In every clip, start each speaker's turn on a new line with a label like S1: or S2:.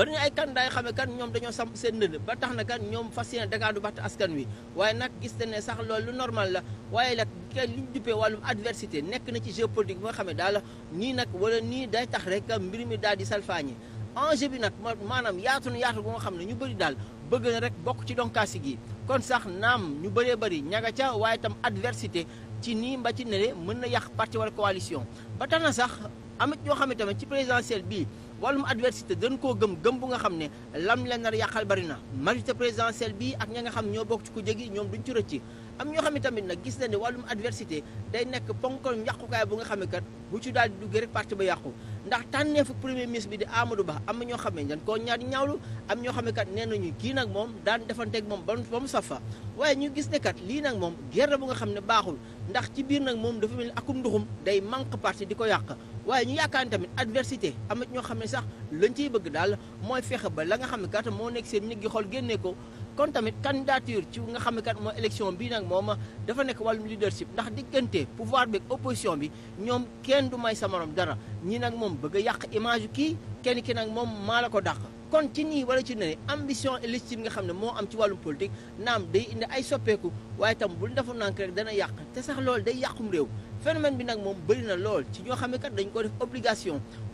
S1: bari na ay candidat yoo xam ne kan ñoom dañoo samp seen ndënd ba tax na kan ñoom fas yéene dagaadu batt askan wi waaye nag gis ne sax loolu lu normal la waaye nag kenn liñ duppee wàllum adversité nekk na ci géopolitique bi nga xam ne daal nii nag wala nii day tax rek mbir mi daal di salfaañi enjeu bi nag maanaam yaatu na yaatu bu nga xam ne ñu bari daal bëgg na rek bokk ci donkaasi gi kon sax naam ñu baree bëri ñaga ca waaye itam adversité ci nii mba ci nele mën na yàq parti wala coalition ba tax na sax amit ñoo xam ne ci présidentielle bii wàllum adversité dañ koo gëm gëm bu nga xam ne lam leen nar yàqal bari na majorité présidentielle bi ak ña nga xam ñoo bokk ci ko jegi ñoom duñ ci rëcc am ñoo xam ne tamit nag gis na ne wàllum adversité day nekk ponkal yàqukaay bu nga xam ne kat bu ci daal di duggee rek parti ba yàqu ndax tànneefu premier ministre bi di Amadou Ba am na ñoo xam ne dañ koo ñaar ñaawlu am ñoo xam ne kat nee nañu kii nag moom daan defanteeg moom ba mu fa waaye ñu gis ne kat lii nag moom guerre bu nga xam ne baaxul ndax ci nag moom dafa mel ni akum nduxum day manque parti di ko yàq waaye ñu yaakaar ni tamit adversité amat ñoo xam ne sax lañ ciy bëgg daal mooy fexe ba la nga xam ne kat moo nekk seen nit gi xool génne ko kon tamit candidature ci nga xam ne kat mooy élection bi nag moom dafa nekk wàllum leadership ndax diggante pouvoir bi opposition bi ñoom kenn du may sa moroom dara ñii nag moom bëgg a yàq image kii kenn kii nag moom maa la ko dàq kon ci nii wala ci nee ambition légitime nga xam ne moo am ci wàllum politique naam day ay soppeeku waaye tam bul defu nànk yàq te sax loolu day yàqum réew phénomène bi nag moom bëri na lool ci ñoo xam ne kat dañ ko def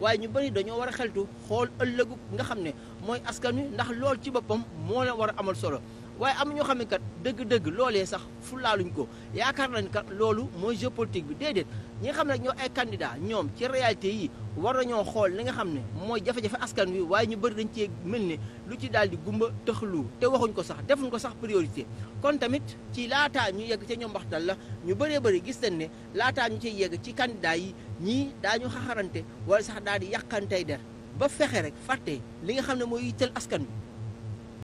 S1: waaye ñu bëri dañoo war a xeltu xool ëllëgu nga xam ne mooy askan wi ndax lool ci boppam moo la war a amal solo waaye am ñoo xam ne kat dëgg-dëgg loolee sax fulaaluñ ko yaakaar nañ kat loolu mooy jeu politique bi déedéet ñi xam ne ñoo ay candidat ñoom ci réalité yi war nañoo xool li nga xam ne mooy jafe-jafe askan wi waaye ñu bëri dañ cee mel ne lu ci daal di gumba tëxlu te waxuñ ko sax defuñ ko sax priorité kon tamit ci laataa ñu yegg ca ñoom waxtaan la ñu bëree bëri gis nañ ne laataa ñu cay yegg ci candidat yi ñii daañu xaxarante wala sax daal di yàqantey der ba fexe rek fàtte li nga xam ne mooy yitteel askan wi